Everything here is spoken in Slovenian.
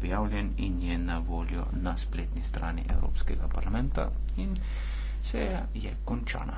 objavljen in je na voljo na spletni strani Evropskega parlamenta in seja je končana.